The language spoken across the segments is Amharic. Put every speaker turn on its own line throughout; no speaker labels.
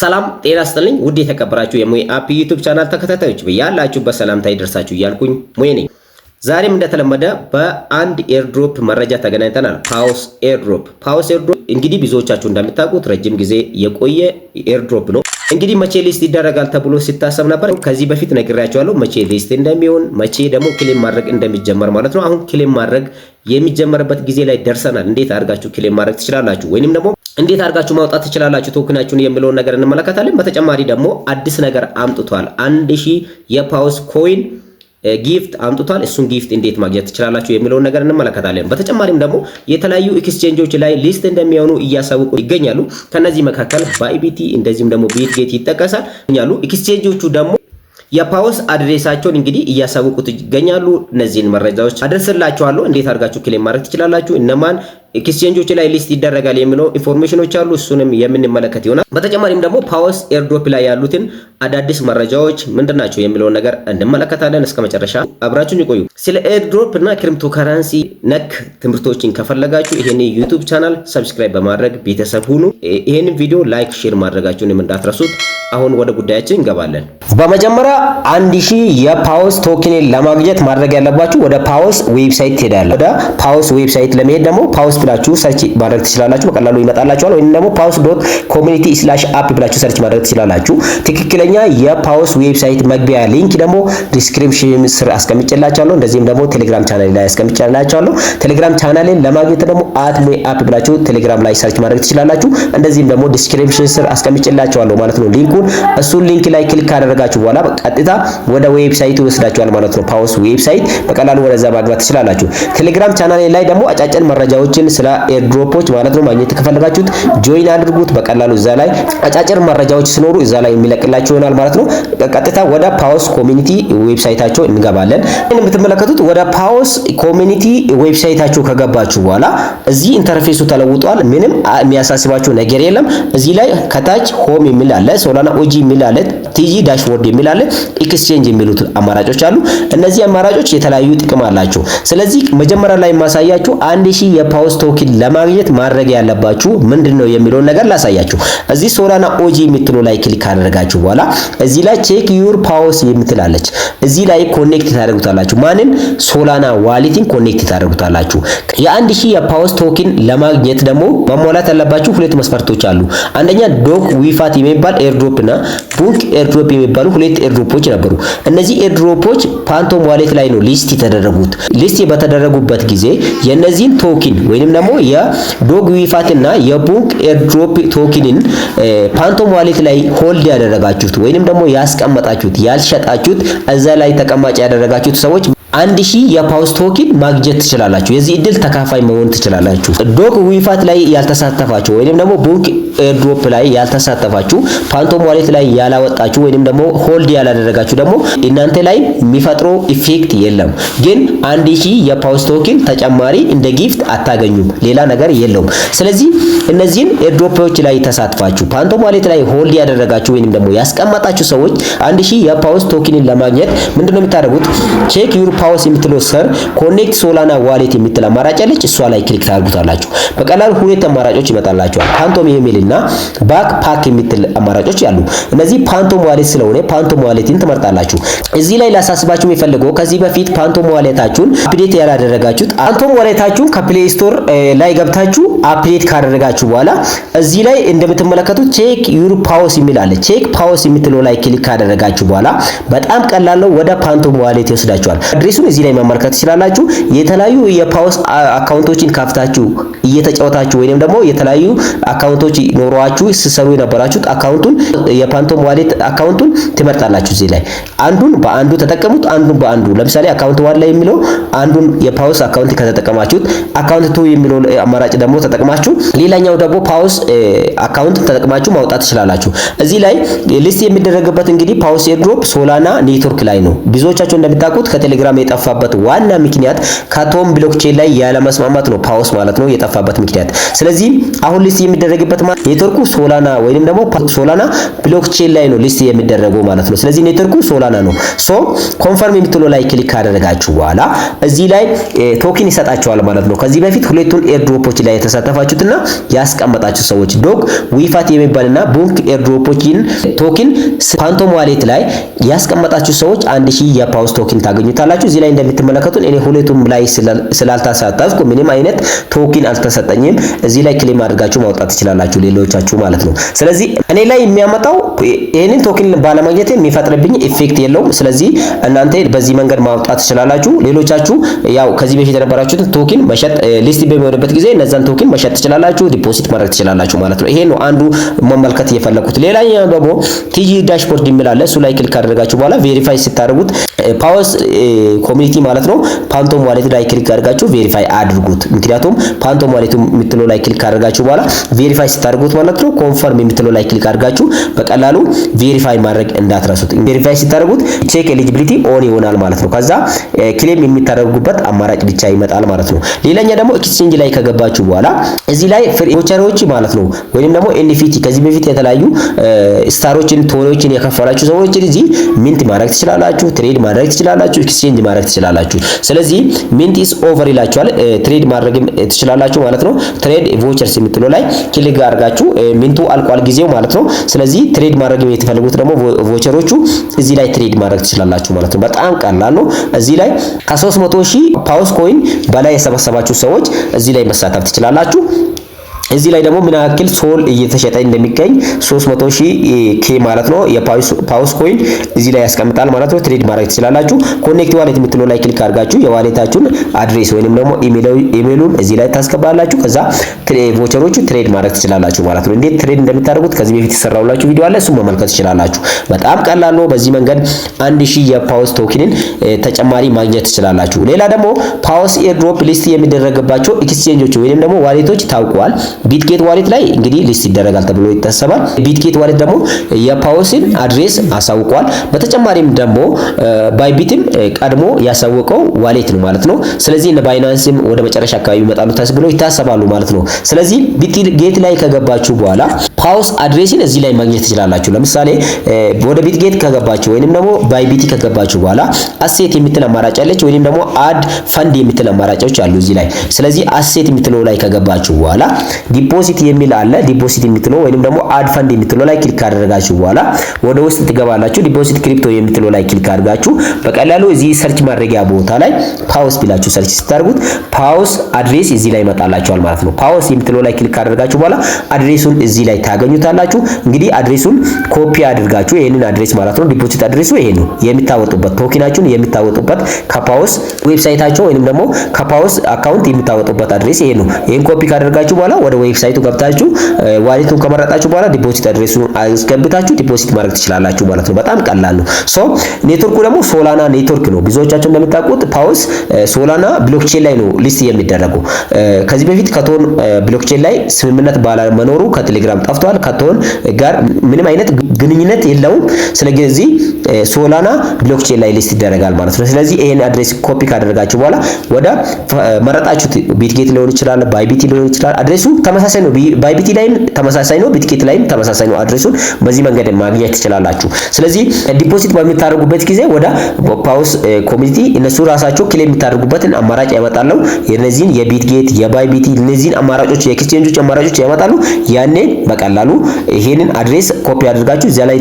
ሰላም ጤና ስጥልኝ። ውድ የተከበራችሁ የሙሄ አፕ ዩቲዩብ ቻናል ተከታታዮች ያላችሁበት በሰላምታ ይደርሳችሁ እያልኩኝ ሙሄ ነኝ። ዛሬም እንደተለመደ በአንድ ኤርድሮፕ መረጃ ተገናኝተናል። ፓውስ ኤርድሮፕ ፓውስ ኤርድሮፕ እንግዲህ ብዙዎቻችሁ እንደምታውቁት ረጅም ጊዜ የቆየ ኤርድሮፕ ነው። እንግዲህ መቼ ሊስት ይደረጋል ተብሎ ሲታሰብ ነበር። ከዚህ በፊት ነግሬያቸዋለሁ መቼ ሊስት እንደሚሆን መቼ ደግሞ ክሌም ማድረግ እንደሚጀመር ማለት ነው። አሁን ክሌም ማድረግ የሚጀመርበት ጊዜ ላይ ደርሰናል። እንዴት አድርጋችሁ ክሌም ማድረግ ትችላላችሁ ወይንም ደግሞ እንዴት አድርጋችሁ ማውጣት ትችላላችሁ ቶክናችሁን የሚለውን ነገር እንመለከታለን። በተጨማሪ ደግሞ አዲስ ነገር አምጥቷል። አንድ ሺህ የፓውስ ኮይን ጊፍት አምጥቷል። እሱን ጊፍት እንዴት ማግኘት ትችላላችሁ የሚለውን ነገር እንመለከታለን። በተጨማሪም ደግሞ የተለያዩ ኤክስቼንጆች ላይ ሊስት እንደሚሆኑ እያሳወቁ ይገኛሉ። ከነዚህ መካከል ባይቢቲ እንደዚሁም ደግሞ ቢትጌት ይጠቀሳል። ኤክስቼንጆቹ ደግሞ የፓውስ አድሬሳቸውን እንግዲህ እያሳወቁት ይገኛሉ። እነዚህን መረጃዎች አደርስላችኋለሁ። እንዴት አድርጋችሁ ክሌም ማድረግ ትችላላችሁ፣ እነማን ኤክስቼንጆች ላይ ሊስት ይደረጋል የሚለው ኢንፎርሜሽኖች አሉ። እሱንም የምንመለከት ይሆናል። በተጨማሪም ደግሞ ፓወስ ኤርዶፕ ላይ ያሉትን አዳዲስ መረጃዎች ምንድን ናቸው የሚለውን ነገር እንመለከታለን። እስከ መጨረሻ አብራችሁን ይቆዩ። ስለ ኤርድሮፕ እና ክሪፕቶ ነክ ትምህርቶችን ከፈለጋችሁ ይህን ዩቱብ ቻናል ሰብስክራይብ በማድረግ ቤተሰብ ሁኑ። ይሄንን ቪዲዮ ላይክ፣ ሼር ማድረጋችሁንም እንዳትረሱት። አሁን ወደ ጉዳያችን እንገባለን። በመጀመሪያ አንድ ሺህ የፓውስ ቶኪን ለማግኘት ማድረግ ያለባችሁ ወደ ፓውስ ዌብሳይት ትሄዳለ። ወደ ፓውስ ዌብሳይት ለመሄድ ደግሞ ፓውስ ብላችሁ ሰርች ማድረግ ትችላላችሁ፣ በቀላሉ ይመጣላችኋል። ወይም ደግሞ ፓውስ ዶት ኮሚኒቲ ስላሽ አፕ ብላችሁ ሰርች ማድረግ ትችላላችሁ። ትክክለኛ የፓውስ ዌብሳይት መግቢያ ሊንክ ደግሞ ዲስክሪፕሽን ስር አስቀምጬላችኋለሁ። እንደዚህም ደግሞ ቴሌግራም ቻናሌ ላይ አስቀምጬላችኋለሁ። ቴሌግራም ቻናሌን ለማግኘት ደግሞ አት አፕ ብላችሁ ቴሌግራም ላይ ሰርች ማድረግ ትችላላችሁ። እንደዚህም ደግሞ ዲስክሪፕሽን ስር አስቀምጬላችኋለሁ ማለት ነው ሊንኩ ሊንኩን እሱን ሊንክ ላይ ክሊክ ካደረጋችሁ በኋላ ቀጥታ ወደ ዌብሳይቱ ይወስዳችኋል ማለት ነው። ፓውስ ዌብሳይት በቀላሉ ወደዛ ማግባት ትችላላችሁ። ቴሌግራም ቻናሌ ላይ ደግሞ አጫጭር መረጃዎችን ስለ ኤርድሮፖች ማለት ነው ማግኘት ከፈለጋችሁት ጆይን አድርጉት። በቀላሉ እዛ ላይ አጫጭር መረጃዎች ሲኖሩ እዛ ላይ የሚለቅላችሁ ይሆናል ማለት ነው። ቀጥታ ወደ ፓውስ ኮሚኒቲ ዌብሳይታቸው እንገባለን። ይህን የምትመለከቱት ወደ ፓውስ ኮሚኒቲ ዌብሳይታችሁ ከገባችሁ በኋላ እዚህ ኢንተርፌሱ ተለውጧል። ምንም የሚያሳስባችሁ ነገር የለም። እዚህ ላይ ከታች ሆም የሚል አለ ሶላና በኋላ ኦጂ የሚል አለ፣ ቲጂ ዳሽቦርድ የሚል አለ፣ ኤክስቼንጅ የሚሉት አማራጮች አሉ። እነዚህ አማራጮች የተለያዩ ጥቅም አላቸው። ስለዚህ መጀመሪያ ላይ ማሳያችሁ አንድ ሺህ የፓውስ ቶኪን ለማግኘት ማድረግ ያለባችሁ ምንድን ነው የሚለውን ነገር ላሳያችሁ። እዚህ ሶላና ኦጂ የምትሉ ላይ ክሊክ ካደረጋችሁ በኋላ እዚህ ላይ ቼክ ዩር ፓውስ የምትላለች እዚህ ላይ ኮኔክት ታደርጉታላችሁ። ማንን? ሶላና ዋሊቲን ኮኔክት ታደርጉታላችሁ። የአንድ ሺህ የፓውስ ቶኪን ለማግኘት ደግሞ መሟላት ያለባችሁ ሁለት መስፈርቶች አሉ። አንደኛ ዶክ ዊፋት የሚባል ኤርድሮፕ ኤርድሮፕ እና ቡንክ ኤርድሮፕ የሚባሉ ሁለት ኤርድሮፖች ነበሩ። እነዚህ ኤርድሮፖች ፓንቶም ዋሌት ላይ ነው ሊስት የተደረጉት። ሊስት በተደረጉበት ጊዜ የነዚህን ቶኪን ወይንም ደግሞ የዶግ ዊፋት እና የቡንክ ኤርድሮፕ ቶኪንን ፓንቶም ዋሌት ላይ ሆልድ ያደረጋችሁት ወይንም ደግሞ ያስቀመጣችሁት ያልሸጣችሁት እዛ ላይ ተቀማጭ ያደረጋችሁት ሰዎች አንድ ሺህ የፓውስ ቶኪን ማግኘት ትችላላችሁ። የዚህ እድል ተካፋይ መሆን ትችላላችሁ። ዶግ ዊፋት ላይ ያልተሳተፋችሁ ወይንም ደግሞ ቡንክ ኤርድሮፕ ላይ ያልተሳተፋችሁ ፋንቶም ዋሌት ላይ ያላወጣችሁ ወይንም ደግሞ ሆልድ ያላደረጋችሁ ደግሞ እናንተ ላይ የሚፈጥሮ ኢፌክት የለም። ግን አንድ ሺ የፓውስ ቶኪን ተጨማሪ እንደ ጊፍት አታገኙም። ሌላ ነገር የለውም። ስለዚህ እነዚህን ኤርድሮፖች ላይ ተሳትፋችሁ ፓንቶም ዋሌት ላይ ሆልድ ያደረጋችሁ ወይንም ደግሞ ያስቀመጣችሁ ሰዎች አንድ ሺህ የፓውስ ቶክንን ለማግኘት ምንድነው የምታደርጉት? ቼክ ዩር ፓውስ የምትለው ሰር ኮኔክት ሶላና ዋሌት የምትል አማራጭ አለች። እሷ ላይ ክሊክ ታደርጉታላችሁ። በቀላል ሁኔታ አማራጮች ይመጣላችኋል። ፋንቶም ኢሜይል እና ባክ ፓክ የሚትል አማራጮች ያሉ እነዚህ ፓንቶም ዋሌት ስለሆነ ፓንቶም ዋሌትን ትመርጣላችሁ። እዚህ ላይ ላሳስባችሁ የሚፈልገው ከዚህ በፊት ፓንቶም ዋሌታችሁን አፕዴት ያላደረጋችሁት ፓንቶም ዋሌታችሁን ከፕሌይ ስቶር ላይ ገብታችሁ አፕዴት ካደረጋችሁ በኋላ እዚህ ላይ እንደምትመለከቱት ቼክ ዩር ፓውስ የሚል አለ። ቼክ ፓውስ የምትለው ላይ ክሊክ ካደረጋችሁ በኋላ በጣም ቀላል ነው፣ ወደ ፓንቶም ዋሌት ይወስዳችኋል። አድሬሱን እዚህ ላይ መመልከት ትችላላችሁ። የተለያዩ የፓውስ አካውንቶችን ካፍታችሁ እየተጫወታችሁ ወይንም ደግሞ የተለያዩ አካውንቶች ኖሯችሁ ሲሰሩ የነበራችሁት አካውንቱን የፓንቶም ዋሌት አካውንቱን ትመርጣላችሁ። እዚህ ላይ አንዱን በአንዱ ተጠቀሙት፣ አንዱን በአንዱ ለምሳሌ አካውንት ዋን ላይ የሚለው አንዱን የፓውስ አካውንት ከተጠቀማችሁት አካውንት ቱ የሚለው አማራጭ ደግሞ ተጠቅማችሁ ሌላኛው ደግሞ ፓውስ አካውንት ተጠቅማችሁ ማውጣት ትችላላችሁ። እዚህ ላይ ሊስት የሚደረግበት እንግዲህ ፓውስ ኤርድሮፕ ሶላና ኔትወርክ ላይ ነው። ብዙዎቻችሁ እንደምታውቁት ከቴሌግራም የጠፋበት ዋና ምክንያት ከቶም ብሎክቼን ላይ ያለመስማማት ነው። ፓውስ ማለት ነው የጠፋበት ምክንያት። ስለዚህ አሁን ሊስት የሚደረግበት ማለት ኔትወርኩ ሶላና ወይንም ደግሞ ሶላና ብሎክቼን ላይ ነው ሊስት የሚደረገው ማለት ነው። ስለዚህ ኔትወርኩ ሶላና ነው። ሶ ኮንፈርም የምትለው ላይ ክሊክ ካደረጋችሁ በኋላ እዚህ ላይ ቶኪን ይሰጣችኋል ማለት ነው። ከዚህ በፊት ሁለቱን ኤርድሮፖች ላይ የተሳተፋችሁትና ያስቀመጣችሁ ሰዎች ዶግ ዊፋት የሚባልና ቦንክ ኤርድሮፖችን ቶኪን ፓንቶም ዋሌት ላይ ያስቀመጣችሁ ሰዎች አንድ ሺህ የፓውንድ ቶኪን ታገኙታላችሁ። እዚህ ላይ እንደምትመለከቱን እኔ ሁለቱም ላይ ስላልተሳተፍኩ ምንም አይነት ቶኪን አልተሰጠኝም። እዚህ ላይ ክሌም አድርጋችሁ ማውጣት ትችላላችሁ ሌሎቻችሁ ማለት ነው። ስለዚህ እኔ ላይ የሚያመጣው ይህንን ቶክን ባለማግኘት የሚፈጥርብኝ ኢፌክት የለውም። ስለዚህ እናንተ በዚህ መንገድ ማውጣት ትችላላችሁ። ሌሎቻችሁ ያው ከዚህ በፊት የነበራችሁት ቶክን መሸጥ ሊስት በሚሆንበት ጊዜ እነዛን ቶክን መሸጥ ትችላላችሁ፣ ዲፖዚት ማድረግ ትችላላችሁ ማለት ነው። ይሄ ነው አንዱ መመልከት የፈለኩት። ሌላኛው ደግሞ ቲጂ ዳሽቦርድ የሚል እሱ ላይ ክሊክ አድርጋችሁ በኋላ ቬሪፋይ ስታደርጉት ፓወስ ኮሚኒቲ ማለት ነው ፓንቶም ዋሌት ላይ ክሊክ አድርጋችሁ ቬሪፋይ አድርጉት። ምክንያቱም ፓንቶም ዋሌቱ የምትለው ላይ ክሊክ አድርጋችሁ በኋላ ቬሪፋይ ስታደርጉት ማለት ነው ኮንፈርም የምትለው ላይ ክሊክ አድርጋችሁ በቀላሉ ቬሪፋይ ማድረግ እንዳትረሱት። ቬሪፋይ ስታደርጉት ቼክ ኤሊጂቢሊቲ ኦን ይሆናል ማለት ነው። ከዛ ክሌም የሚታደርጉበት አማራጭ ብቻ ይመጣል ማለት ነው። ሌላኛ ደግሞ ኤክስቼንጅ ላይ ከገባችሁ በኋላ እዚህ ላይ ቮቸሮች ማለት ነው ወይንም ደግሞ ኤንፊቲ ከዚህ በፊት የተለያዩ ስታሮችን ቶኖችን የከፈላችሁ ሰዎች እዚህ ሚንት ማድረግ ትችላላችሁ፣ ትሬድ ማድረግ ትችላላችሁ፣ ኤክስቼንጅ ማድረግ ትችላላችሁ። ስለዚህ ሚንት ኢዝ ኦቨር ይላችኋል። ትሬድ ማድረግም ትችላላችሁ ማለት ነው። ትሬድ ቮቸርስ የምትለው ላይ ክሊክ አድርጋችሁ ሚንቱ አልቋል ጊዜው ማለት ነው። ስለዚህ ትሬድ ማድረግ የተፈልጉት ደግሞ ቮቸሮቹ እዚህ ላይ ትሬድ ማድረግ ትችላላችሁ ማለት ነው። በጣም ቀላል ነው። እዚህ ላይ ከ300 ሺህ ፓውስ ኮይን በላይ የሰበሰባችሁ ሰዎች እዚህ ላይ መሳተፍ ትችላላችሁ። እዚህ ላይ ደግሞ ምን ያክል ሶል እየተሸጠ እንደሚገኝ 300 ሺህ ኬ ማለት ነው። የፓውስ ኮይን እዚህ ላይ ያስቀምጣል ማለት ነው። ትሬድ ማድረግ ትችላላችሁ። ኮኔክት ዋሌት የምትሉ ላይ ክሊክ አድርጋችሁ የዋሌታችሁን አድሬስ ወይንም ደግሞ ኢሜሉን እዚህ ላይ ታስገባላችሁ። ከዛ ቮቸሮቹ ትሬድ ማድረግ ትችላላችሁ ማለት ነው። እንዴት ትሬድ እንደምታደርጉት ከዚህ በፊት የሰራሁላችሁ ቪዲዮ አለ፣ እሱን መመልከት ትችላላችሁ። በጣም ቀላል ነው። በዚህ መንገድ 1000 የፓውስ ቶኪንን ተጨማሪ ማግኘት ትችላላችሁ። ሌላ ደግሞ ፓውስ ኤርድሮፕ ሊስት የሚደረግባቸው ኤክስቼንጆች ወይንም ደግሞ ዋሌቶች ታውቋል። ቢትጌት ዋሌት ላይ እንግዲህ ሊስት ይደረጋል ተብሎ ይታሰባል። ቢትጌት ዋሌት ደግሞ የፓውስን አድሬስ አሳውቋል። በተጨማሪም ደግሞ ባይቢትም ቀድሞ ያሳወቀው ዋሌት ነው ማለት ነው። ስለዚህ እነ ባይናንስም ወደ መጨረሻ አካባቢ ይመጣሉ ተብሎ ይታሰባሉ ማለት ነው። ስለዚህ ቢትጌት ላይ ከገባችሁ በኋላ ፓውስ አድሬስን እዚህ ላይ ማግኘት ትችላላችሁ። ለምሳሌ ወደ ቢትጌት ከገባችሁ ወይንም ደግሞ ባይቢቲ ከገባችሁ በኋላ አሴት የምትል አማራጭ አለች፣ ወይንም ደግሞ አድ ፈንድ የምትል አማራጮች አሉ እዚህ ላይ። ስለዚህ አሴት የምትለው ላይ ከገባችሁ በኋላ ዲፖዚት የሚል አለ። ዲፖዚት የምትለው ወይንም ደግሞ አድ ፈንድ የምትለው ላይ ክሊክ ካደረጋችሁ በኋላ ወደ ውስጥ ትገባላችሁ። ዲፖዚት ክሪፕቶ የምትለው ላይ ክሊክ አድርጋችሁ በቀላሉ እዚህ ሰርች ማድረጊያ ቦታ ላይ ፓውስ ቢላችሁ ሰርች ስታደርጉት ፓውስ አድሬስ እዚህ ላይ ይመጣላችኋል ማለት ነው። ፓውስ የምትለው ላይ ክሊክ አደረጋችሁ በኋላ አድሬሱን እዚህ ላይ ታገኙታላችሁ። እንግዲህ አድሬሱን ኮፒ አድርጋችሁ ይሄንን አድሬስ ማለት ነው ዲፖዚት አድሬሱ ይሄ ነው የሚታወጡበት ቶኪናችሁን የሚታወጡበት ከፓውስ ዌብሳይታቸው ወይንም ደግሞ ከፓውስ አካውንት የሚታወጡበት አድሬስ ይሄ ነው። ይሄን ኮፒ ካደረጋችሁ በኋላ ወደ ዌብሳይቱ ገብታችሁ ዋሌቱን ከመረጣችሁ በኋላ ዲፖዚት አድሬሱ አስገብታችሁ ዲፖዚት ማድረግ ትችላላችሁ ማለት ነው። በጣም ቀላል ነው። ሶ ኔትወርኩ ደግሞ ሶላና ኔትወርክ ነው። ብዙዎቻችሁ እንደምታውቁት ፓውስ ሶላና ብሎክቼን ላይ ነው ሊስት የሚደረገው። ከዚህ በፊት ከቶን ብሎክቼን ላይ ስምምነት ባለመኖሩ ከቴሌግራም ጠፍቷል። ከቶን ጋር ምንም አይነት ግንኙነት የለውም። ስለዚህ ሶላና ብሎክቼን ላይ ሊስት ይደረጋል ማለት ነው። ስለዚህ ይሄን አድሬስ ኮፒ ካደረጋችሁ በኋላ ወደ መረጣችሁት ቢትጌት ሊሆን ይችላል፣ ባይቢት ሊሆን ይችላል አድሬሱ ተመሳሳይ ነው። ባይ ቢቲ ላይም ተመሳሳይ ነው። ቢትኬት ላይም ተመሳሳይ ነው። አድሬሱን በዚህ መንገድ ማግኘት ትችላላችሁ። ስለዚህ ዲፖዚት በምታደርጉበት ጊዜ ወደ ፓውስ ኮሚኒቲ እነሱ ራሳቸው ክሌም የምታደርጉበትን አማራጭ ያመጣሉ። የነዚህን የቢትጌት የባይ ቢቲ እነዚህን አማራጮች የኤክስቼንጆች አማራጮች ያመጣሉ። ያኔ በቀላሉ ይሄንን አድሬስ ኮፒ አድርጋችሁ እዚያ ላይ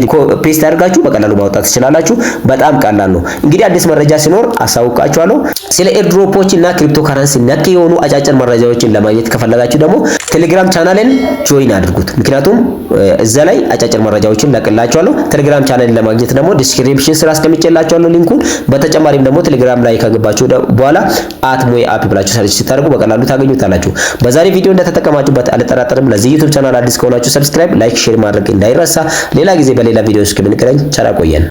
ፔስት አድርጋችሁ በቀላሉ ማውጣት ትችላላችሁ። በጣም ቀላል ነው። እንግዲህ አዲስ መረጃ ሲኖር አሳውቃችኋለሁ። ስለ ኤርድሮፖች እና ክሪፕቶ ነክ የሆኑ አጫጭር መረጃዎችን ለማግኘት ከፈለጋችሁ ደግሞ ቴሌግራም ቻናልን ጆይን አድርጉት። ምክንያቱም እዛ ላይ አጫጭር መረጃዎችን ለቅላችኋለሁ። ቴሌግራም ቻናልን ለማግኘት ደግሞ ዲስክሪፕሽን ስራ አስቀምጬላችኋለሁ ሊንኩን። በተጨማሪም ደግሞ ቴሌግራም ላይ ከገባችሁ በኋላ አት ሞይ አፕ ብላችሁ ሰርች ስታደርጉ በቀላሉ ታገኙታላችሁ። በዛሬ ቪዲዮ እንደተጠቀማችሁበት አልጠራጠርም። ለዚህ ዩቲዩብ ቻናል አዲስ ከሆናችሁ ሰብስክራይብ፣ ላይክ፣ ሼር ማድረግ እንዳይረሳ። ሌላ ጊዜ በሌላ ቪዲዮ እስከምንገናኝ ቸር ቆየን።